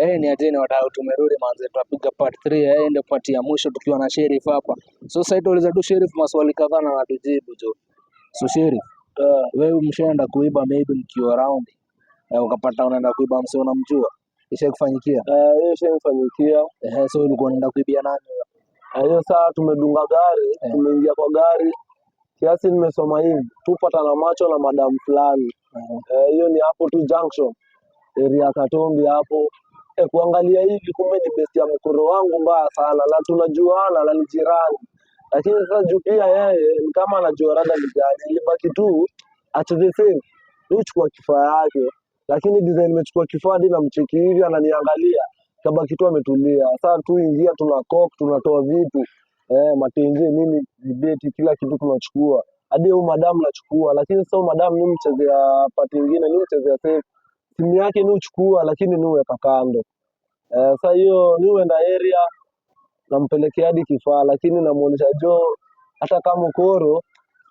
Eh, ni ajeni wadau, tumerudi manze, tutapiga part 3 eh, yaani ndio part ya mwisho tukiwa na Sheriff hapa. So sasa tuuliza tu Sheriff maswali kadhaa na atujibu jo. So Sheriff, uh, wewe mshaenda kuiba maybe mkiwa around. Eh, ukapata unaenda kuiba msio unamjua. Isha kufanyikia? Eh, ah, uh, yeye shemfanyikia Eh, so ulikuwa unaenda kuibia nani? Eh, Uh, saa tumedunga gari, eh, tumeingia kwa gari. Kiasi nimesoma hivi, tupata na macho na madam fulani. Eh. eh, hiyo ni hapo tu junction. Area Katombi hapo eh, kuangalia hivi, kumbe ni besi ya mkoro wangu mbaya sana, na tunajuana na ni jirani. Lakini sasa juu pia yeye ni kama anajua rada ni gani, ilibaki tu acheze same, nichukua kifaa yake, lakini design nimechukua kifaa hadi namcheki hivi, ananiangalia kabaki tu ametulia. Saa tu ingia, tuna coke tunatoa vitu eh, matenje nini, dibeti kila kitu tunachukua, hadi huyu madamu nachukua, lakini sasa huyu madamu mchezea pati ingine, mchezea safe simu yake ni uchukua, lakini ni uweka kando. Eh, sa hiyo ni uenda area nampelekea hadi kifaa, lakini namuonesha jo, hata kama mkoro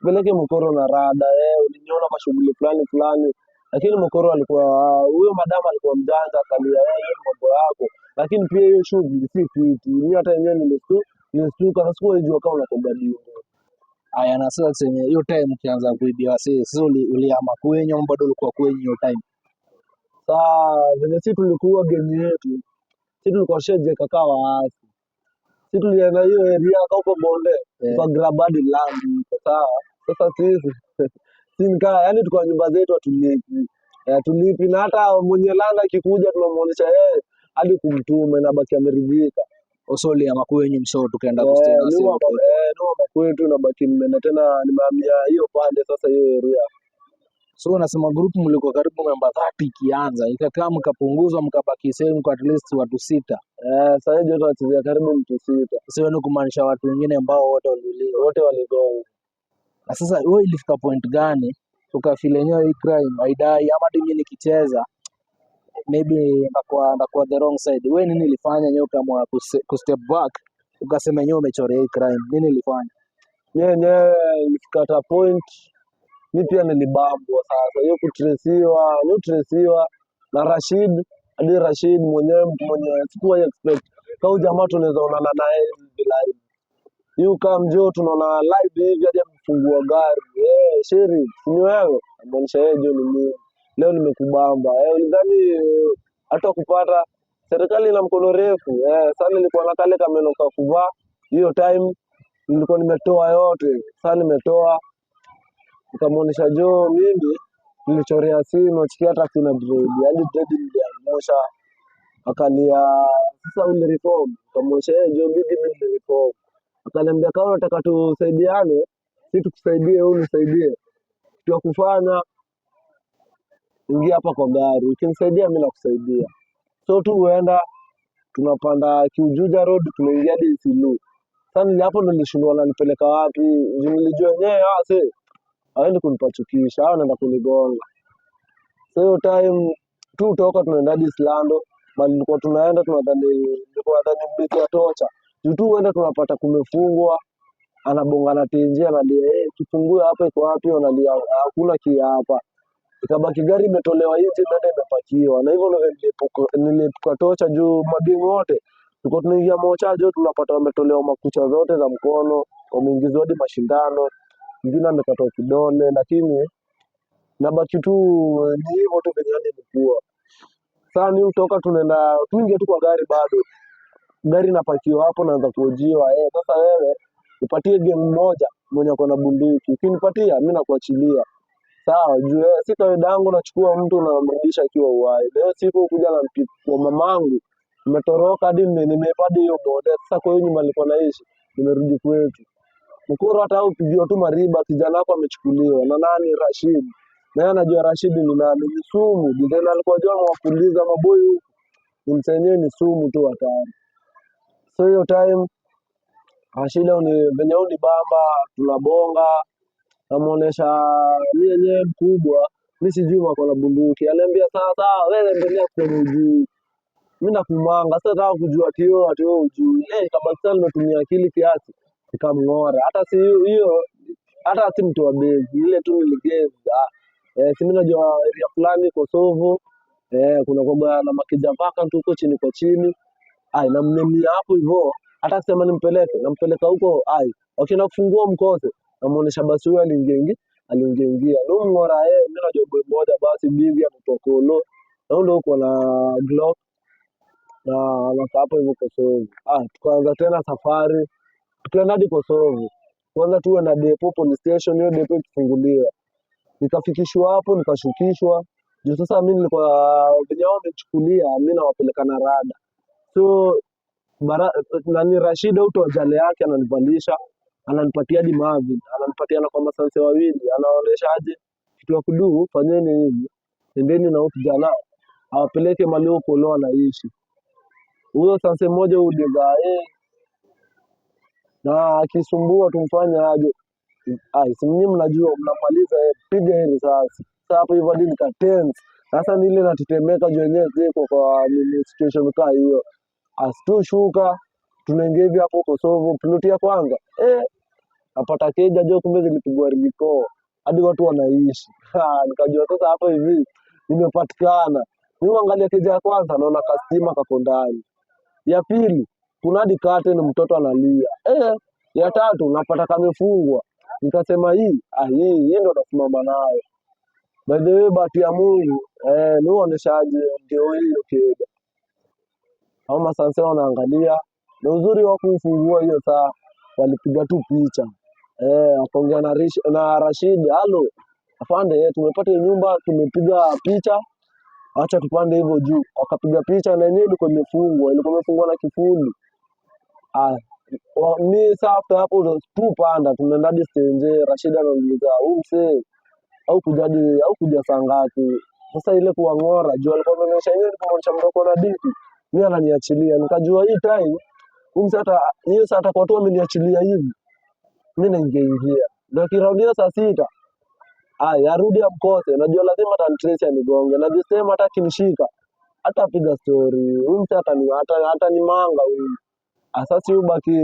peleke mkoro na rada eh, uliniona kwa shughuli fulani fulani, lakini mkoro alikuwa huyo, madamu alikuwa mjanja, akalia eh, yeye mambo yako, lakini pia hiyo shughuli si fiti. Mimi hata yenyewe nilistu nilistuka, sasa sikuwa kama unakoga dingo Aya, na sasa tuseme hiyo time ukianza kuibiwa, sasa uliama kwenye mbado, ulikuwa kwenye hiyo time? saa venye si tulikuwa game yetu, si tulikuwa sheje kaka waasi, si tulienda hiyo area kauko bonde eh. kwa grabadi langu sawa. Sasa sisi si yani tuko nyumba zetu hatulipi, eh, hatulipi na hata mwenye landa akikuja tunamuonesha yeye hadi kumtuma na baki ameridhika osoli ama kwenyu msoo tukaenda eh, kusema ni kwetu na baki mmeenda tena, nimeambia hiyo pande sasa hiyo area So unasema group mlikuwa karibu memba 30 ikianza, ikakaa mkapunguzwa mkabaki sehemu kwa at least watu sita. Eh, sasa hiyo joto karibu mtu sita. Sio ni kumaanisha watu wengine ambao wote walili wote waligo. Na sasa wewe ilifika point gani ukafeel enyewe hii crime haidai ama mimi nikicheza maybe ndakuwa ndakuwa the wrong side. Wewe nini ilifanya nyoka kama ku step back ukasema nyowe umechorea hii crime? Nini ilifanya? Yeye yeah, yeah, ilifika ta point mi pia nilibambwa sasa, hiyo kutresiwa, kutresiwa na Rashid hadi Rashid mwenyewe mtu mwenye sikuwa expect kau jamaa tunaweza onana naye hivi live hiyo kama mjo tunaona live hivi hadi amefungua gari eh, sheri ni wewe ambanisha yeye jo ni mimi leo nimekubamba eh, ulidhani eh, hata kupata serikali ina mkono refu eh. Sasa nilikuwa na kale kameno kuvaa hiyo time nilikuwa nimetoa yote, sasa nimetoa Nikamwonyesha joo, mimi nilichorea simu chiki hata kina dread, yaani dread niliangusha. Akalia sasa unireform, nikamwonyesha yeye eh, joo, mimi mimi nilireform. Akaniambia kama unataka tusaidiane, si tukusaidie, wewe unisaidie kitu kufanya, ingia hapa kwa gari, ukinisaidia mimi nakusaidia. So tu uenda tunapanda Kiujuja Road, tunaingia hadi Isilu. Sasa hapo nilishindwa ananipeleka wapi, nilijua yenyewe ah, see haendi kunipachukisha, au anaenda kunigonga. So hiyo time tu toka tunaenda hadi Slando, mali nilikuwa tunaenda tunadhani mlikuwa tocha. Juu tu uenda tunapata kumefungwa, anabonga na tenje analia, eh, kifunguo hapa iko wapi? Analia hakuna ki hapa. Ikabaki gari imetolewa nje dada imepakiwa. Na hivyo ndio nilipuka tocha juu mabingu wote. Tulikuwa tunaingia mocha juu tunapata wametolewa makucha zote za mkono, wameingizwa hadi mashindano mwingine amekatwa kidole, lakini nabaki tu eh, ni hivyo tu venye hali nikuwa saa ni utoka, tunaenda tuingie tu kwa gari, bado gari inapakiwa hapo, naanza kuojiwa eh, sasa wewe upatie game moja mwenye ako na bunduki, ukinipatia mi nakuachilia sawa. Juu wewe si kawaida yangu nachukua mtu namrudisha akiwa uhai. Leo siku kuja na mpiku mpikwa mamangu, nimetoroka hadi nimepadi hiyo boda. Sasa kwa hiyo nyumba nilikuwa naishi nimerudi kwetu Mkuru hata ukijua tu Mariba kijana wako amechukuliwa na nani? Rashid. Na yeye anajua Rashid ni nani? Ni sumu. Design alikuwa jua mwakuliza maboy huko. Ni msenyewe ni sumu tu hatari. So hiyo time Rashid ah, ni venye ni bamba tunabonga. Namuonesha mimi yenyewe mkubwa. Mimi sijui wako na bunduki. Aliambia sawa sawa wewe endelea kwenye ujui. Mimi nakumanga sasa nataka kujua tio atio ujui. Eh, kama kabisa nimetumia akili kiasi nikamng'ora. Hata si hiyo, hata si mtu wa bezi, ile tu niligeza ah, eh, si mimi najua area fulani Kosovo eh, kuna kwamba na makija tu huko chini kwa chini, ai namnemia hapo hivyo, hata sema nimpeleke, nampeleka huko ai, wakina kufungua mkose, namuonesha basi huyo alingengi aliingiaingia ndo mng'ora yeye. Eh, mimi najua boy moja basi bivi amepokolo na ndo uko na Glock na ah, anaka hapo hivyo Kosovo. Ah, tukaanza tena safari tukienda hadi Kosovu, kwanza tuwe na depo police station, hiyo depo ikifunguliwa. Nikafikishwa hapo nikashukishwa juu sasa mi nilikuwa venye wao wamechukulia mi nawapeleka na rada so bara, nani Rashid au tojale yake ananivalisha ananipatia di mavi ananipatia na kwa masanse wawili anaonesha aje kitu ya kudu fanyeni hivi endeni na huyu kijana awapeleke mali huko leo anaishi huyo sanse mmoja uliza eh na akisumbua tumfanye aje. Ai, si mnajua mnamaliza eh, piga heri sasa. Sasa hapo hivyo hadi nika tense. Sasa ni ile natetemeka juu ziko kwa nini situation kaa hiyo. Asitoshuka tunaingia hivi hapo Kosovo piloti ya kwanza. Eh, napata keja jo kumbe zilipigwa riko. Hadi watu wanaishi. nikajua sasa hapo hivi nimepatikana. Mimi angalia keja ya kwanza naona kastima kako ndani. Ya pili tunadi kate ni mtoto analia eh. Ya tatu napata kamefungwa, nikasema hii ah, hii hii ndo nasimama nayo. By the way, bati ya Mungu eh, ni uoneshaji ndio hiyo kiega ama masanse wanaangalia na uzuri wa kufungua hiyo saa, walipiga tu picha eh, akaongea na, Rish, na Rashid, halo afande, tumepata nyumba tumepiga picha, acha tupande hivyo juu. Wakapiga picha na yenyewe ilikuwa imefungwa, ilikuwa imefungwa na kifundi. Mi saa after hapo ndo tumeenda hadi stenje. Rashida ananiuliza msee au kuja hadi au kuja saa ngapi? Sasa ile kuwang'ora juu alikuwa ameonyesha yeye kumwonyesha mdogo na diki, mi ananiachilia, nikajua hii time huyu msee hata hiyo saa atakuwa tu ameniachilia hivi, mi naingia ingia, ndo saa sita aya arudi amkose, najua lazima atanitrace anigonge, na this time hata akinishika hata piga story huyu msee hata hata, hata manga huyu asasi ubaki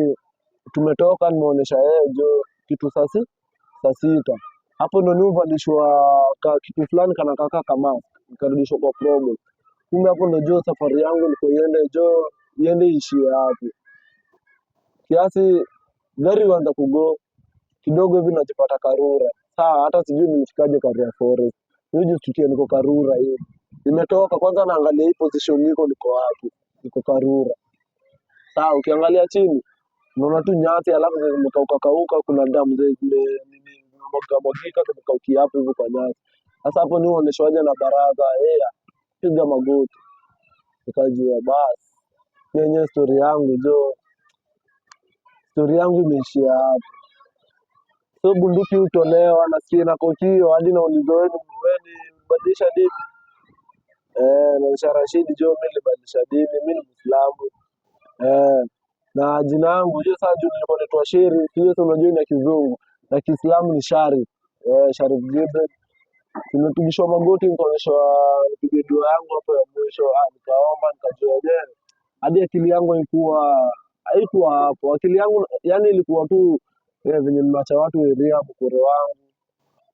tumetoka nimeonyesha yeye jo kitu sasi saa sita hapo ndo niuvalishwa kitu fulani kana kaka kama nikarudishwa kwa promo. Kumbe hapo ndo jo safari yangu ilikuwa iende jo iende ishie hapo kiasi gari wanza kugo kidogo hivi najipata Karura. Saa hata sijui nilifikaje Karura Forest. Mimi jisitukia niko Karura hivi. Nimetoka kwanza naangalia hii position niko niko wapi. Niko Karura sawa. Ukiangalia chini unaona tu nyasi, alafu zimekauka kauka, kuna damu zimemwagika zimekaukia hapo hivyo kwa nyasi. Sasa hapo ni uoneshwaje na baraza hea, piga magoti. Nikajua basi mi yenyewe stori yangu jo, stori yangu imeishia hapo. So bunduki utolewa na sikia na kokio hadi na ulizoeni mweni mbadilisha dini eh, na Rashidi jo, mimi libadilisha dini, mimi ni Muislamu. Eh, na jina yangu hiyo saa juu nilikuwa naitwa Shiri hiyo sasa unajua ina kizungu na Kiislamu ni Shari. Eh, Sharif Gabriel. Nimepigishwa magoti nikaonyeshwa nipige dua yangu hapo ya mwisho, ah, nikaomba nikajua yenyewe. Hadi akili yangu haikuwa haikuwa hapo. Akili yangu yani ilikuwa tu eh, venye nimeacha watu area mkoro wangu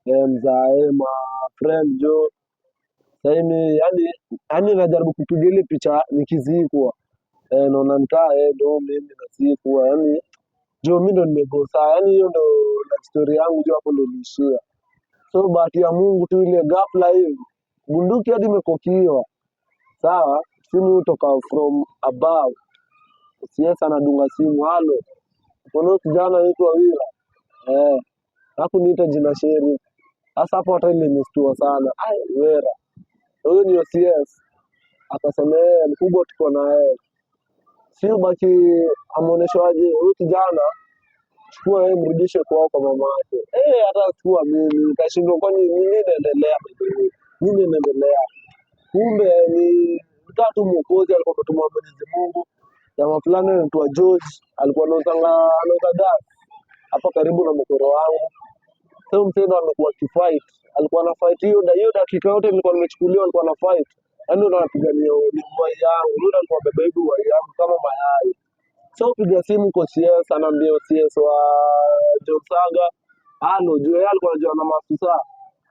eh, mzaa Ema, friend jo Sasa yani yani najaribu kupiga ile picha nikizikwa Eh, naona mtaa eh, ndo mimi na kuwa yani juu mimi ndo nimegosaa yani, hiyo ndo life story yangu, juu hapo ndo nilishia. So bahati ya Mungu tu ile ghafla hivi bunduki hadi imekokiwa, sawa, simu toka from above, siesa anadunga simu, halo, kono kijana anaitwa Wira eh, niita jina sheri. Sasa hapo hata ile ilinishtua sana, ai Wera huyo ni CS, akasema yeye eh, mkubwa tuko na yeye Silbert ameoneshwaje? Huyu kijana chukua yeye, mrudishe kwao kwa mama yake. Eh, hata chukua mimi kashindwa, kwani nini inaendelea? Mimi nini Kumbe ni tatu mwokozi alikuwa kutumwa na Mwenyezi Mungu. Jamaa fulani anaitwa George alikuwa anauzanga anauza gas hapa karibu na mkoro wangu. Sasa mtendo amekuwa kifight, alikuwa na fight hiyo na hiyo dakika yote nilikuwa nimechukuliwa, alikuwa na fight yaani unapigania uhai yangu, ndio baba hivi uhai yangu kama mayai. So piga simu kwa CS, anaambia CS wa Jomsaga, halo juu yeye alikuwa anajua na maafisa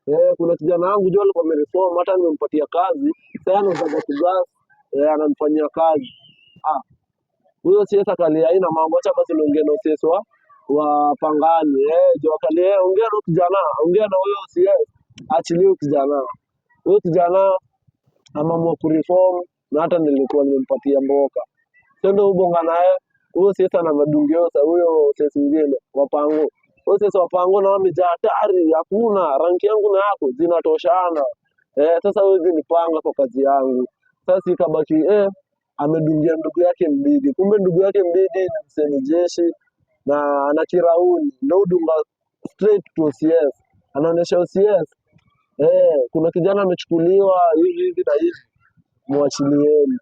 eh, kuna kijana wangu juu alikuwa amereform, hata nimempatia kazi sasa, anazaga kugas eh, anamfanyia kazi ah huyo CS akalia, haina mambo, acha basi niongee na CS wa wa Pangani eh, juu akalia, ongea na kijana, ongea na huyo CS, achilie kijana huyo kijana ameamua kureform na hata nilikuwa nimempatia mboka. Sasa ubonga naye huyo sasa na madungiosa huyo sasa ingine wapango. Huyo sasa wapango na wamejaa hatari, hakuna rangi yangu na yako zinatoshana. Eh, sasa wewe panga kwa kazi yangu. Sasa ikabaki eh amedungia ndugu yake Mbidi. Kumbe ndugu yake Mbidi ni msemi jeshi na na Kirauni ndio udunga straight to CS Anaonesha CS eh, kuna kijana amechukuliwa hivi hivi na hivi, mwachilieni.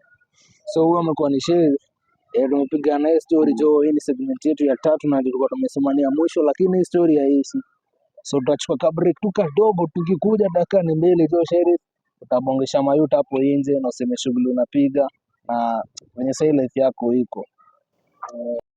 So huyo amekuwa ni eh, tumepiga naye story jo. Hii ni segment yetu ya tatu na tulikuwa tumesemania mwisho, lakini hii story haishi, so tutachukua kabreak tu kadogo, tukikuja dakika ni mbili jo Shayz utabongesha mayuta hapo nje na useme shughuli unapiga na venye sai life yako iko.